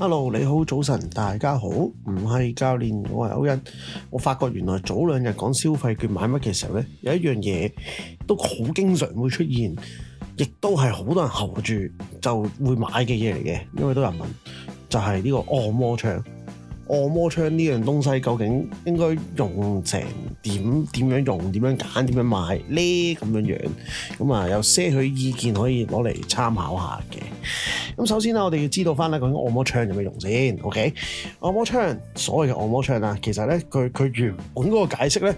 Hello，你好，早晨，大家好，唔係教練，我係歐欣，我發覺原來早兩日講消費券買乜嘅時候呢，有一樣嘢都好經常會出現，亦都係好多人候住就會買嘅嘢嚟嘅，因為都有人問，就係這個按摩槍。按摩槍呢樣東西究竟應該用成點？點樣用？點樣揀？點樣買咧？咁樣樣咁啊，有些許意見可以攞嚟參考下嘅。咁、嗯、首先啦，我哋要知道翻咧，究竟按摩槍有咩用先？OK，按摩槍，所謂嘅按摩槍啊，其實咧，佢佢原本嗰個解釋咧，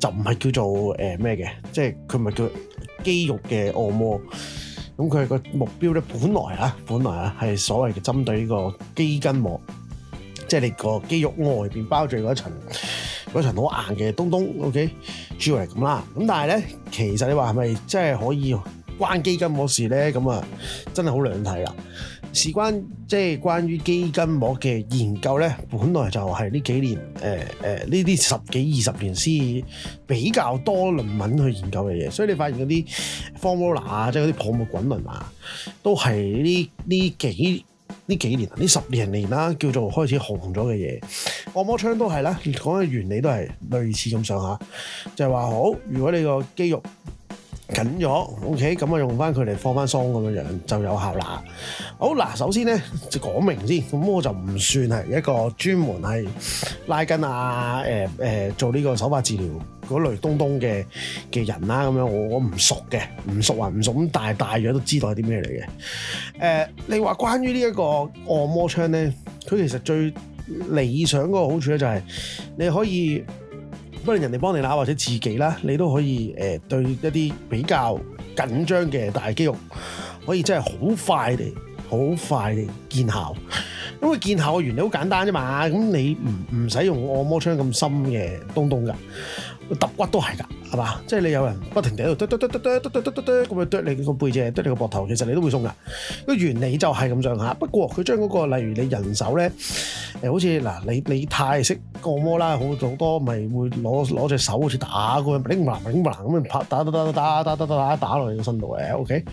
就唔係叫做誒咩嘅，即係佢唔係叫肌肉嘅按摩。咁佢個目標咧，本來啊，本來啊，係所謂嘅針對呢個肌筋膜。即係你個肌肉外面包住嗰層嗰層好硬嘅東東，OK，主要係咁啦。咁但係咧，其實你話係咪真係可以關肌筋膜事咧？咁啊，真係好兩睇啦。事關即係關於肌筋膜嘅研究咧，本來就係呢幾年呢啲、呃呃、十幾二十年先比較多論文去研究嘅嘢，所以你發現嗰啲 formula 啊，即係嗰啲泡沫滾輪啊，都係呢呢幾，呢幾年，呢十年年、啊、啦，叫做開始紅咗嘅嘢，按摩槍都係啦，講嘅原理都係類似咁上下，就係、是、話好，如果你個肌肉緊咗，OK，咁我用翻佢嚟放翻鬆咁樣樣就有效啦。好嗱，首先呢就講明先，咁我就唔算係一個專門係拉筋啊，誒、呃、誒、呃、做呢個手法治療。嗰類東東嘅嘅人啦，咁樣我我唔熟嘅，唔熟啊唔熟咁，但係大約都知道係啲咩嚟嘅。誒，你話關於呢一個按摩槍咧，佢其實最理想嗰個好處咧就係、是、你可以，不論人哋幫你啦或者自己啦，你都可以誒、呃、對一啲比較緊張嘅大肌肉，可以真係好快地、好快地見效。因為見效嘅原理好簡單啫嘛，咁你唔唔使用按摩槍咁深嘅東東噶。揼骨都係㗎，係嘛？即係你有人不停地喺度剁剁剁剁剁剁剁剁咁樣剁你個背脊，剁你個膊頭，其實你都會鬆㗎。個原理就係咁上下，不過佢將嗰個例如你人手咧，誒好似嗱你你泰式按摩啦，好好多咪會攞攞隻手好似打咁樣，永嗱永嗱咁樣拍打打打打打打打打落你個身度嘅。OK，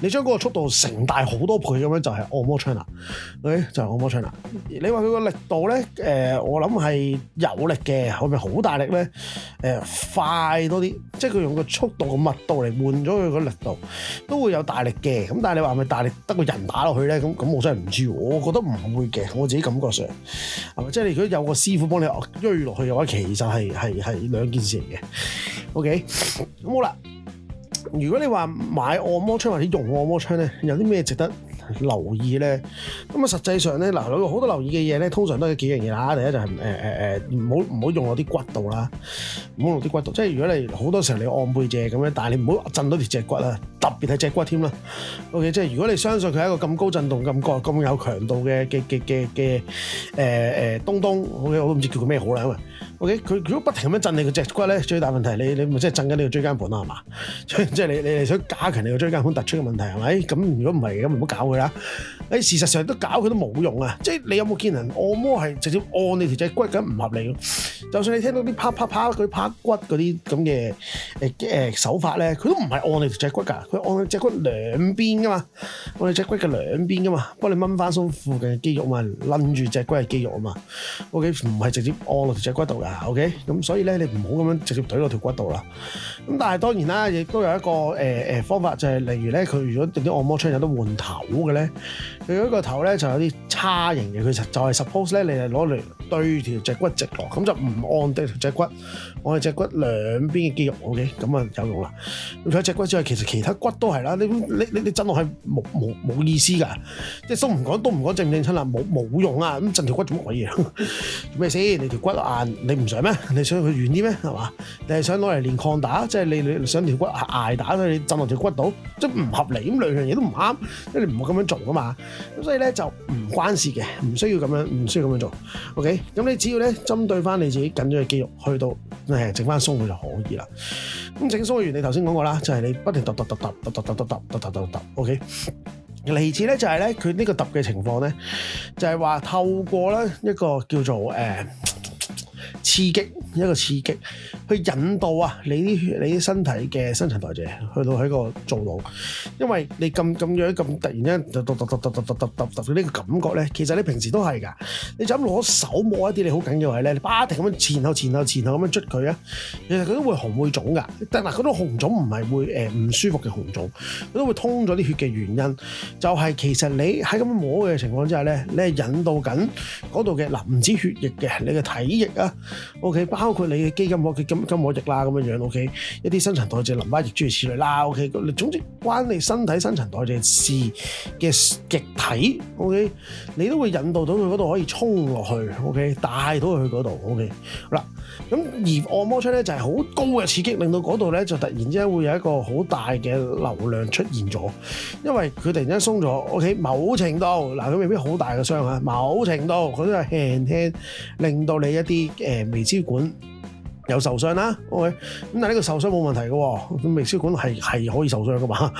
你將嗰個速度成大好多倍咁樣就係按摩槍啦。OK，就係按摩槍啦。你話佢個力度咧，誒我諗係有力嘅，係咪？好大力咧？誒？快多啲，即係佢用個速度個密度嚟換咗佢個力度，都會有大力嘅。咁但係你話係咪大力得個人打落去咧，咁咁我真係唔知，我覺得唔會嘅，我自己感覺上係咪？即係你如果有個師傅幫你追落去嘅話，其實係係係兩件事嚟嘅。OK，咁好啦。如果你話買按摩槍或者用按摩槍咧，有啲咩值得留意咧？咁啊，實際上咧，嗱，好多留意嘅嘢咧，通常都係幾樣嘢啦。第一就係誒誒誒，唔好唔好用我啲骨度啦，唔好落啲骨度。即係如果你好多時候你按背脊咁樣，但係你唔好震到條脊骨啦，特別係脊骨添啦。O K，即係如果你相信佢係一個咁高震動、咁高、咁有強度嘅嘅嘅嘅誒誒東東，O K，我都唔知叫佢咩好啦，係咪？O K，佢如果不停咁樣震你個脊骨咧，最大問題你你咪即係震緊你個椎間盤啊嘛，即係、就是、你你哋想加強你個椎間盤突出嘅問題係咪？咁如果唔係咁，唔好搞佢啦。你、哎、事實上都搞佢都冇用啊，即係你有冇見人按摩係直接按你條脊骨咁唔合理咯？就算你聽到啲啪啪啪佢拍骨嗰啲咁嘅誒誒手法咧，佢都唔係按你條脊骨噶，佢按你脊骨兩邊噶嘛，按你脊骨嘅兩邊噶嘛，幫你掹翻鬆附近嘅肌肉嘛，拎住脊骨嘅肌肉啊嘛，O.K. 唔係直接按落條脊骨度噶，O.K. 咁所以咧你唔好咁樣直接㨃落條骨度啦。咁但係當然啦，亦都有一個誒誒方法就係，例如咧佢如果用啲按摩槍有得換頭嘅咧，佢嗰個頭咧就有啲叉型嘅，佢就就係 suppose 咧你係攞嚟對條脊骨直落，咁就唔。唔按低條脊骨，按條脊骨兩邊嘅肌肉，OK，咁啊有用啦。除咗脊骨之外，其實其他骨都係啦。你你你你震落去冇冇冇意思㗎，即係胸唔講，都唔講正正親啦，冇冇用啊。咁震條骨做乜嘢？做咩先？你條骨硬，你唔想咩？你想佢軟啲咩？係嘛？你係想攞嚟練抗打，即係你你想條骨捱打，所以震落條骨度，即係唔合理。咁兩樣嘢都唔啱，即係你唔會咁樣做啊嘛。咁所以咧就唔關事嘅，唔需要咁樣，唔需要咁樣做。OK，咁你只要咧針對翻你自己緊咗嘅肌肉，去到誒，整翻鬆佢就可以啦。咁整鬆完，你頭先講過啦，就係、是、你不停揼揼揼揼揼揼揼揼揼揼揼揼揼，OK、就是。嚟次咧就係咧，佢呢個揼嘅情況咧，就係、是、話透過咧一個叫做誒、呃、刺激，一個刺激。去引導啊，你啲血、你啲身體嘅新陳代謝去到喺個造腦，因為你咁咁樣咁突然之間突突突突突突突突突嗰啲嘅感覺咧，其實你平時都係㗎，你就咁攞手摸一啲你好緊嘅位咧，你不停咁樣前後前後前後咁樣捽佢啊，其實佢都會紅會腫㗎。但嗱，嗰種紅腫唔係會誒唔舒服嘅紅腫，佢都會通咗啲血嘅原因，就係其實你喺咁摸嘅情況之下咧，你係引導緊嗰度嘅嗱，唔止血液嘅，你嘅體液啊，OK，包括你嘅肌筋膜嘅咁。筋膜液啦，咁樣樣 OK，一啲新陳代謝淋巴液諸如此類啦，OK，總之關你身體新陳代謝事嘅極體，OK，你都會引導到佢嗰度可以衝落去，OK，帶到佢去嗰度，OK，嗱，咁而按摩槍呢就係好高嘅刺激，令到嗰度呢就突然之間會有一個好大嘅流量出現咗，因為佢突然之間鬆咗，OK，某程度嗱，佢未必好大嘅傷啊，某程度佢都係輕輕，令到你一啲誒微血管。有受傷啦，OK？咁但係呢個受傷冇問題嘅，哦，咁微血管係係可以受傷噶嘛？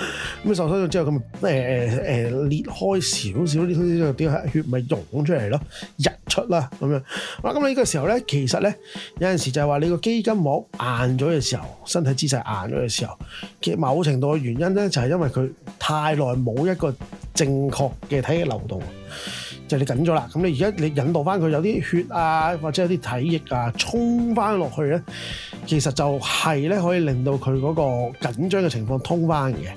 咁 受傷咗之後，咁咪誒誒裂開少少，啲血咪湧出嚟咯，日出啦咁樣。啊，嗯，咁你呢個時候咧，其實咧有陣時候就係話你個筋膜硬咗嘅時候，身體姿勢硬咗嘅時候，其實某程度嘅原因咧就係，是，因為佢太耐冇一個正確嘅體液流動。就你緊咗啦，咁你而家你引導翻佢有啲血啊，或者有啲體液啊，沖翻落去咧，其實就係咧可以令到佢嗰個緊張嘅情況通翻嘅。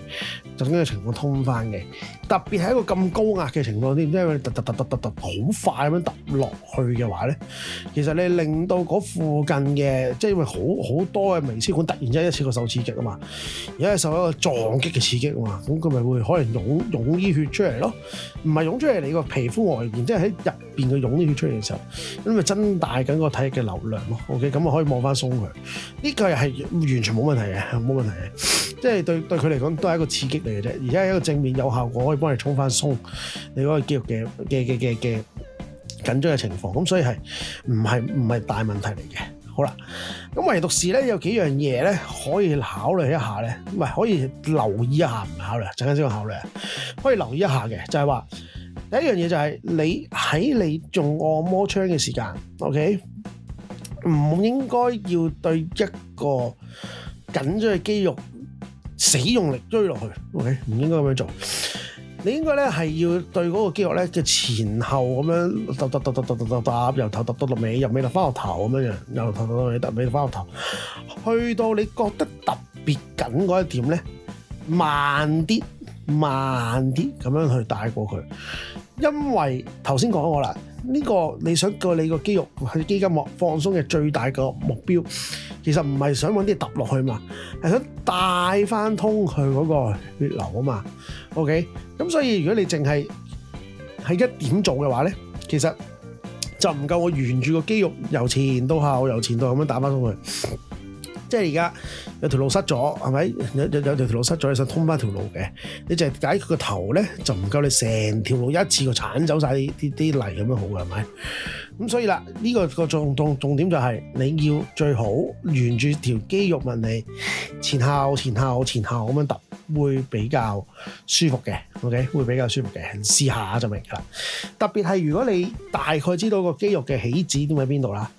就咁嘅情況通翻嘅，特別係一個咁高壓嘅情況添，即係佢突突突突突突好快咁樣揼落去嘅話咧，其實你令到嗰附近嘅，即係因為好好多嘅微血管突然之間一次過受刺激啊嘛，而家係受一個撞擊嘅刺激啊嘛，咁佢咪會可能湧湧啲血出嚟咯，唔係湧出嚟你個皮膚外邊，即係喺入邊嘅湧啲血出嚟嘅時候，咁咪增大緊個體液嘅流量咯。OK，咁啊可以望翻鬆佢，呢個又係完全冇問題嘅，冇問題嘅。即係對對佢嚟講都係一個刺激嚟嘅啫，而家係一個正面有效果，可以幫你衝翻鬆你嗰個肌肉嘅嘅嘅嘅嘅緊張嘅情況，咁所以係唔係唔係大問題嚟嘅。好啦，咁唯獨是咧有幾樣嘢咧可以考慮一下咧，唔係可以留意一下唔考慮，陣間先會考慮啊。可以留意一下嘅就係話第一樣嘢就係你喺你做按摩槍嘅時間，OK，唔應該要對一個緊張嘅肌肉。死用力追落去，OK？唔應該咁樣做。你應該咧係要對嗰個肌肉咧就前後咁樣揼揼揼揼揼揼揼揼，由頭揼到落尾，由尾度翻個頭咁樣樣，由頭揼到尾，由尾度翻個頭。去到你覺得特別緊嗰一點咧，慢啲，慢啲咁樣去帶過佢。因為頭先講過啦。呢個你想叫你個肌肉喺肌筋膜放鬆嘅最大個目標，其實唔係想揾啲揼落去嘛，係想帶翻通佢嗰個血流啊嘛。OK，咁所以如果你淨係喺一點做嘅話咧，其實就唔夠，我沿住個肌肉由前到後、由前到後咁樣打翻通佢。即係而家有條路塞咗，係咪？有有有條路塞咗，你想通翻條路嘅？你淨係就係解佢個頭咧，就唔夠你成條路一次過鏟走晒啲啲泥咁樣好嘅，係咪？咁所以啦，呢個個重重重點就係你要最好沿住條肌肉問你前後前後前後咁樣揼，會比較舒服嘅，OK，會比較舒服嘅，試下就明噶啦。特別係如果你大概知道個肌肉嘅起止點喺邊度啦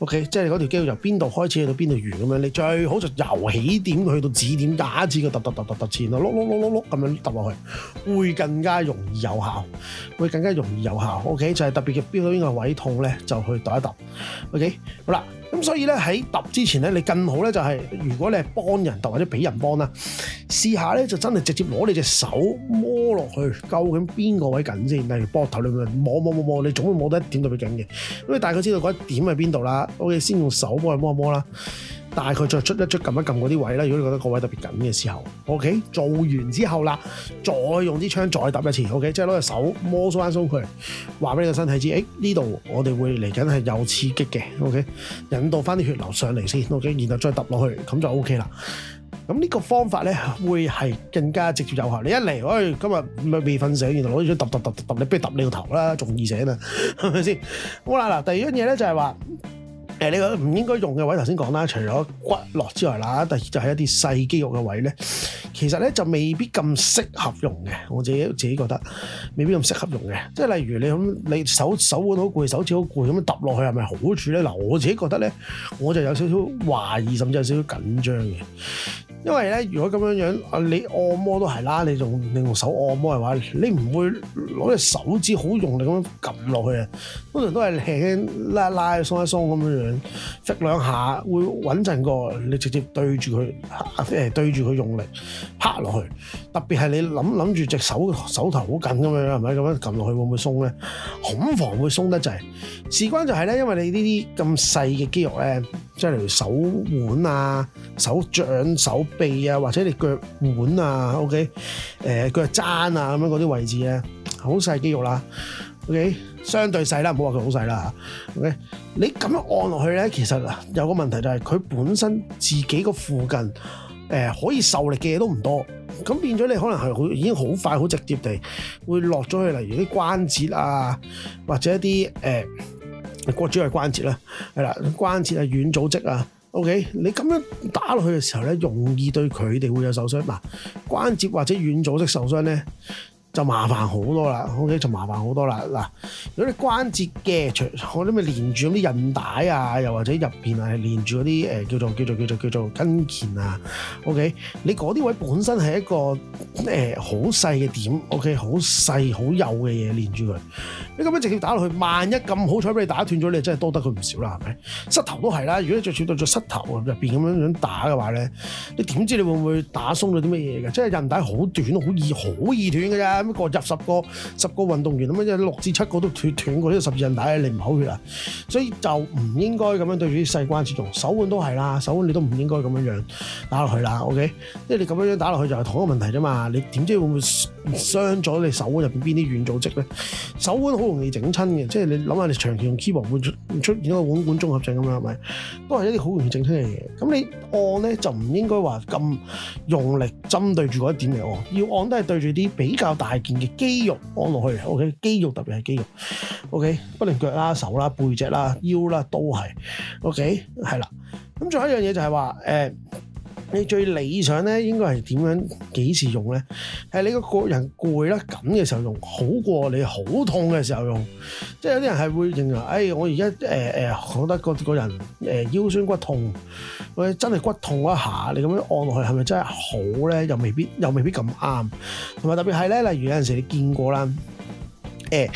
，OK，即係嗰條肌肉由邊度開始去到邊度完咁樣，你最好就由起點去到止點，打至次嘅揼揼揼揼揼前度碌碌碌碌碌咁樣揼落去，會更加容易有效，會更加容易有效，OK，就係特別嘅標到邊個位痛咧。就去揼一揼，OK，好啦，咁所以咧喺揼之前咧，你更好咧就係、是、如果你係幫人揼或者俾人幫啦，試下咧就真係直接攞你隻手摸落去，究竟邊個位緊先？例如膊頭裏面摸摸摸摸，你總會摸到一點特別緊嘅，咁你大概知道嗰一點喺邊度啦。OK，先用手幫我摸一摸啦。大概再出一出撳一撳嗰啲位啦，如果你覺得個位特別緊嘅時候，OK，做完之後啦，再用啲槍再揼一次，OK，即係攞隻手摩挲返鬆佢，話俾你個身體知，誒呢度我哋會嚟緊係有刺激嘅，OK，引導翻啲血流上嚟先，OK，然後再揼落去，咁就 OK 啦。咁呢個方法咧會係更加直接有效。你一嚟，誒今日咪未瞓醒，然後攞住張揼揼揼揼揼，你不如揼你個頭啦，仲易醒啊，係咪先？好啦，嗱，第二樣嘢咧就係話。誒、呃，你覺得唔應該用嘅位頭先講啦，除咗骨骼之外啦，第二就係、是、一啲細肌肉嘅位咧，其實咧就未必咁適合用嘅。我自己自己覺得未必咁適合用嘅。即係例如你咁，你手手腕好攰，手指好攰，咁樣揼落去係咪好處咧？嗱，我自己覺得咧，我就有少少懷疑，甚至有少少緊張嘅。因為咧，如果咁樣樣，你按摩都係啦，你用你用手按摩嘅話，你唔會攞隻手指好用力咁樣撳落去呀，通常都係輕輕拉一拉，鬆一鬆咁樣樣。搣兩下會穩陣過，你直接對住佢，即係對住佢用力拍落去。特別係你諗諗住隻手手頭好緊咁樣，係咪咁樣撳落去會唔會鬆咧？恐防會鬆得滯。事關就係咧，因為你呢啲咁細嘅肌肉咧，即係例如手腕啊、手掌、手臂啊，或者你腳腕啊、OK，誒腳踭啊咁樣嗰啲位置咧，好細肌肉啦。O.K. 相對細啦，唔好話佢好細啦。O.K. 你咁樣按落去咧，其實有個問題就係佢本身自己個附近誒、呃、可以受力嘅嘢都唔多，咁變咗你可能係好已經好快好直接地會落咗去，例如啲關節啊，或者一啲誒骨主要係關節啦，係啦，關節啊軟組織啊。O.K. 你咁樣打落去嘅時候咧，容易對佢哋會有受傷。嗱、啊，關節或者軟組織受傷咧。就麻煩好多啦，OK 就麻煩好多啦。嗱，如果你關節嘅，我諗咪連住嗰啲韌帶啊，又或者入面係連住嗰啲誒叫做叫做叫做叫做筋腱啊，OK 你嗰啲位本身係一個呃、好細嘅點，OK 好細好幼嘅嘢連住佢，你咁樣直接打落去，萬一咁好彩俾你打斷咗，你真係多得佢唔少啦，係咪？膝頭都係啦，如果你着住到咗膝頭入面咁樣樣打嘅話咧，你點知你會唔會打鬆咗啲乜嘢嘅？即係韌帶好短，好易好易斷㗎啫。乜個入十個，十個運動員咁樣，即係六至七個都脱斷,斷過十二，呢個十字韌帶你唔好血啊，所以就唔應該咁樣對住啲細關節用，手腕都係啦，手腕你都唔應該咁樣樣打落去啦，OK？即係你咁樣樣打落去就係同一個問題啫嘛，你點知會唔會傷咗你手腕入邊邊啲軟組織咧？手腕好容易整親嘅，即係你諗下，你長期用 keyboard 會出現一個腕管綜合症咁樣係咪？都係一啲好容易整親嘅嘢。咁你按咧就唔應該話咁用力針對住嗰一點嚟按，要按都係對住啲比較大。健嘅肌肉按落去，O、OK? K，肌肉特別係肌肉，OK，不論腳啦、手啦、背脊啦、腰啦都係，OK，係啦。咁、OK? 仲有一樣嘢就係話，誒、欸。你最理想咧，應該係點樣幾時用咧？係你個個人攰得緊嘅時候用，好過你好痛嘅時候用。即係有啲人係會認為，誒、哎、我而家誒誒覺得個個人誒、呃、腰酸骨痛，或者真係骨痛一下，你咁樣按落去係咪真係好咧？又未必，又未必咁啱。同埋特別係咧，例如有陣時你見過啦。誒，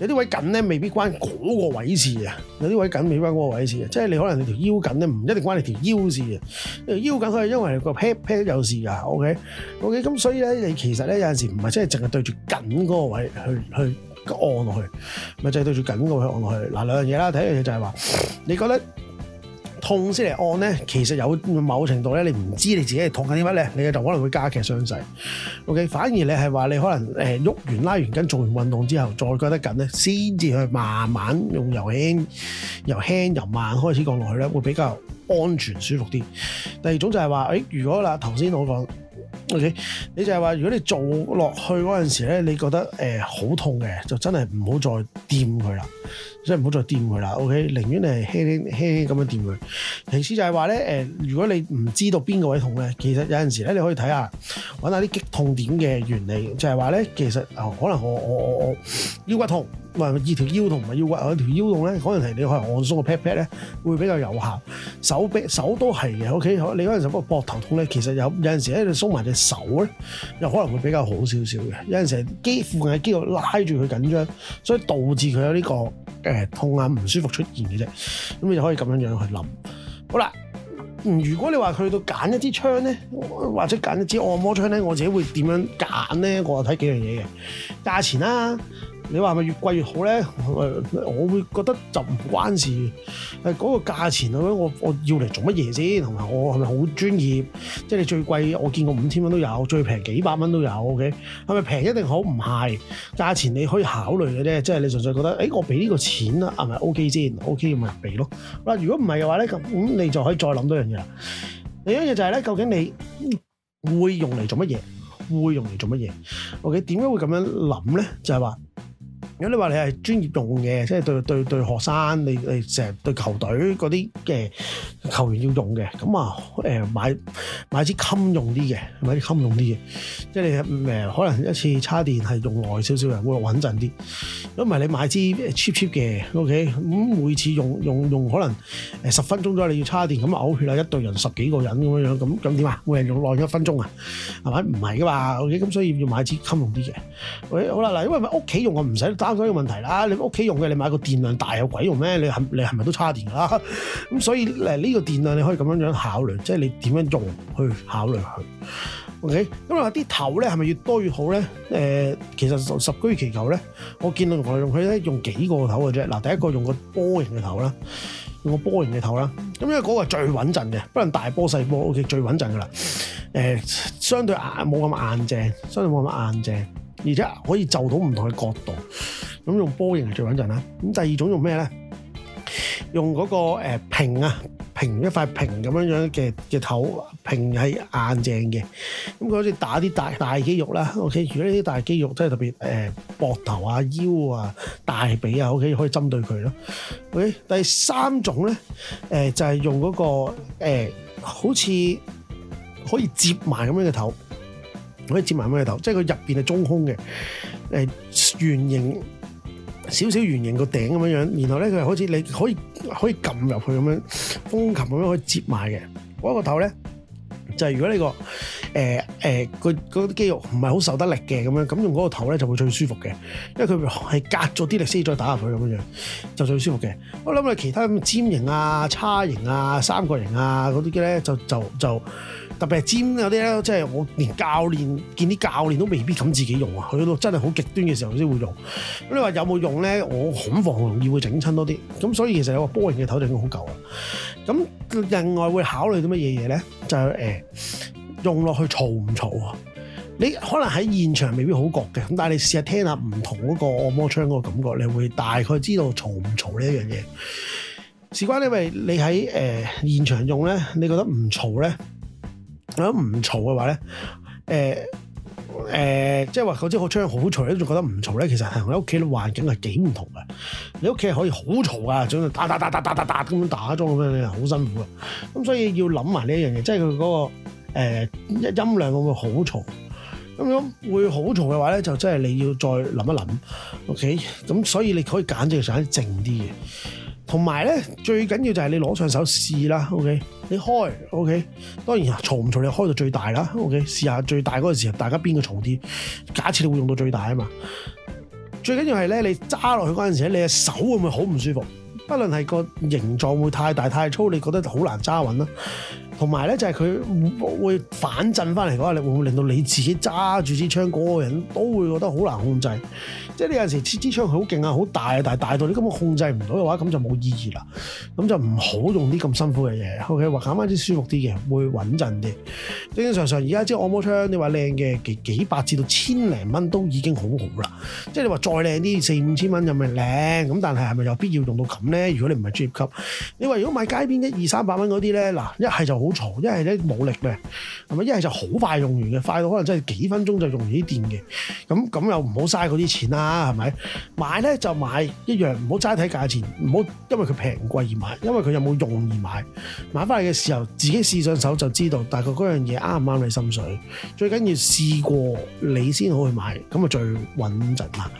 有啲位緊咧，未必關嗰個位置啊！有啲位緊未必關嗰個位置啊！即係你可能你條腰緊咧，唔一定關你條腰事啊！腰緊佢係因為個 pat pat 有事噶，OK OK，咁所以咧你其實咧有陣時唔係真係淨係對住緊嗰個位去去按落去，咪就係對住緊個位按落去。嗱，兩樣嘢啦，第一樣嘢就係話，你覺得？痛先嚟按咧，其實有某程度咧，你唔知你自己係痛緊啲乜咧，你就可能會加劇傷勢。OK，反而你係話你可能誒喐完拉完筋，做完運動之後再覺得緊咧，先至去慢慢用由輕由輕由慢開始降落去咧，會比較安全舒服啲。第二種就係話，誒如果啦頭先我講。O.K.，你就係話，如果你做落去嗰陣時咧，你覺得呃、好痛嘅，就真係唔好再掂佢啦，即係唔好再掂佢啦。O.K.，寧願你輕輕輕輕咁樣掂佢。其次就係話咧，如果你唔知道邊個位痛咧，其實有陣時咧，你可以睇下揾下啲激痛點嘅原理，就係話咧，其實、呃、可能我我我我腰骨痛，唔係二條腰痛，唔係腰骨，我條腰痛咧，嗰陣時你可能按鬆個 pat pat 咧，會比較有效。手臂手都係嘅，O K，你嗰陣時個膊頭痛咧，其實有有陣時喺度鬆埋隻手咧，又可能會比較好少少嘅。有陣時肩附近嘅肌肉拉住佢緊張，所以導致佢有呢、這個誒、呃、痛啊唔舒服出現嘅啫。咁你就可以咁樣樣去諗。好啦，如果你話去到揀一支槍咧，或者揀一支按摩槍咧，我自己會點樣揀咧？我就睇幾樣嘢嘅價錢啦、啊。你話係咪越貴越好咧、呃？我會覺得就唔關事。係嗰個價錢，我我要嚟做乜嘢先？同埋我係咪好專業？即係你最貴，我見過五千蚊都有，最平幾百蚊都有。OK，係咪平一定好？唔係，價錢你可以考慮嘅啫。即係你純粹覺得，誒、欸、我俾呢個錢啦，係咪 OK 先？OK，咪咪俾咯。嗱，如果唔係嘅話咧，咁你就可以再諗多樣嘢啦。第一樣嘢就係、是、咧，究竟你會用嚟做乜嘢？會用嚟做乜嘢？OK，點解會咁樣諗咧？就係話。如果你話你係專業用嘅，即係對對對學生，你你成日對球隊嗰啲嘅球員要用嘅，咁啊誒買買支襟用啲嘅，買支襟用啲嘅，即係你誒可能一次叉電係用耐少少嘅，會穩陣啲。如果唔係你買支 cheap cheap 嘅，OK，咁每次用用用可能誒十分鐘左右你要叉電，咁嘔血啦！一隊人十幾個人咁樣樣，咁咁點啊？每人用耐一分鐘啊？係咪唔係噶嘛？OK，咁所以要買支襟用啲嘅。喂，好啦，嗱，因為咪屋企用我唔使打。所有問題啦，你屋企用嘅，你買個電量大有鬼用咩？你係你係咪都差電㗎啦？咁 所以誒呢個電量你可以咁樣樣考慮，即係你點樣用去考慮佢。OK，咁啊啲頭咧係咪越多越好咧？誒、呃，其實十居其九咧，我見到我用用佢咧用幾個頭嘅啫。嗱，第一個用個波形嘅頭啦，用個波形嘅頭啦。咁因為嗰個係最穩陣嘅，不能大波細波。OK，最穩陣噶啦。誒、呃，相對硬冇咁硬淨，相對冇咁硬淨，而且可以就到唔同嘅角度。咁用波形係最穩陣啦。咁第二種用咩咧？用嗰、那個、呃、平啊，平一塊平咁樣樣嘅嘅頭，平係硬淨嘅。咁佢好似打啲大大肌肉啦。OK，如果呢啲大肌肉都係、就是、特別誒，膊、呃、頭啊、腰啊、大髀啊，OK 可以針對佢咯。k、OK？第三種咧，誒、呃、就係、是、用嗰、那個、呃、好似可以接埋咁樣嘅頭，可以接埋咁樣嘅頭，即係佢入邊係中空嘅，誒、呃、圓形。少少圓形個頂咁樣樣，然後咧佢係好似你可以可以撳入去咁樣，風琴咁樣可以接埋嘅。嗰個頭咧就係如果呢個誒誒個啲肌肉唔係好受得力嘅咁樣，咁用嗰個頭咧就會最舒服嘅，因為佢係隔咗啲力先再打入去咁樣樣就最舒服嘅。我諗佢其他咁尖形啊、叉形啊、三角形啊嗰啲咧就就就。就就特別係尖嗰啲咧，即係我連教練見啲教練都未必敢自己用啊！去到真係好極端嘅時候先會用。咁你話有冇用咧？我恐防容易會整親多啲。咁所以其實有個波形嘅頭就已經好夠啦。咁另外會考慮啲乜嘢嘢咧？就係誒用落去嘈唔嘈啊？你可能喺現場未必好覺嘅。咁但係你試下聽下唔同嗰個按摩槍嗰個感覺，你會大概知道嘈唔嘈呢一樣嘢。事關你咪你喺誒現場用咧，你覺得唔嘈咧？如果唔嘈嘅話咧，誒誒，即係話嗰支好槍好嘈，你仲覺得唔嘈咧。其實係同屋企嘅環境係幾唔同嘅。你屋企可以好嘈噶，總之打打打打打打打咁樣打，裝咁樣樣，好辛苦啊。咁所以要諗埋呢一樣嘢，即係佢嗰個誒音量會好嘈？咁樣會好嘈嘅話咧，就真係你要再諗一諗。OK，咁所以你可以揀正常啲靜啲嘅。同埋咧，最緊要就係你攞上手試啦，OK？你開，OK？當然啊，嘈唔嘈，你開到最大啦，OK？試下最大嗰陣時，大家邊個嘈啲？假設你會用到最大啊嘛。最緊要係咧，你揸落去嗰陣時咧，你嘅手會唔會好唔舒服？不論係個形狀會太大太粗，你覺得好難揸穩啦。同埋咧，就係佢會反震翻嚟嘅話，你會唔會令到你自己揸住支槍嗰個人都會覺得好難控制？即係你有陣時支支槍好勁啊，好大啊，但係大到你根本控制唔到嘅話，咁就冇意義啦。咁就唔好用啲咁辛苦嘅嘢。O.K. 話揀翻啲舒服啲嘅，會穩陣啲。正正常常而家支按摩槍，你話靚嘅幾幾百至到千零蚊都已經好好啦。即係你話再靚啲四五千蚊又咪靚？咁但係係咪有必要用到咁咧？如果你唔係專業級，你話如果買街邊 2, 一二三百蚊嗰啲咧，嗱一係就。好嘈，一係咧冇力嘅，係咪？一係就好快用完嘅，快到可能真係幾分鐘就用完啲電嘅。咁咁又唔好嘥嗰啲錢啦，係咪？買咧就買一樣，唔好齋睇價錢，唔好因為佢平貴而買，因為佢有冇用而買。買翻嚟嘅時候，自己試上手就知道大概嗰樣嘢啱唔啱你心水。最緊要試過，你先好去買，咁啊最穩陣啦。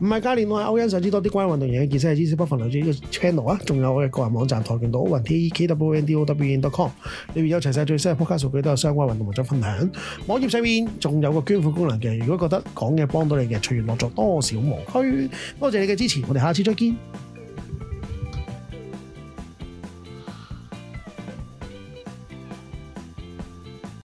唔係嘉年內，歐恩，想知多啲關於運動嘅健身嘅知識不妨留意呢個 channel 啊！仲有我嘅個人網站跆拳道 Owen taekwondowen.com 裏面有齊晒最新嘅波卡數據，都有相關運動文章分享。網頁上面仲有個捐款功能嘅，如果覺得講嘢幫到你嘅，隨緣樂助，多少無拘，多謝你嘅支持，我哋下次再見。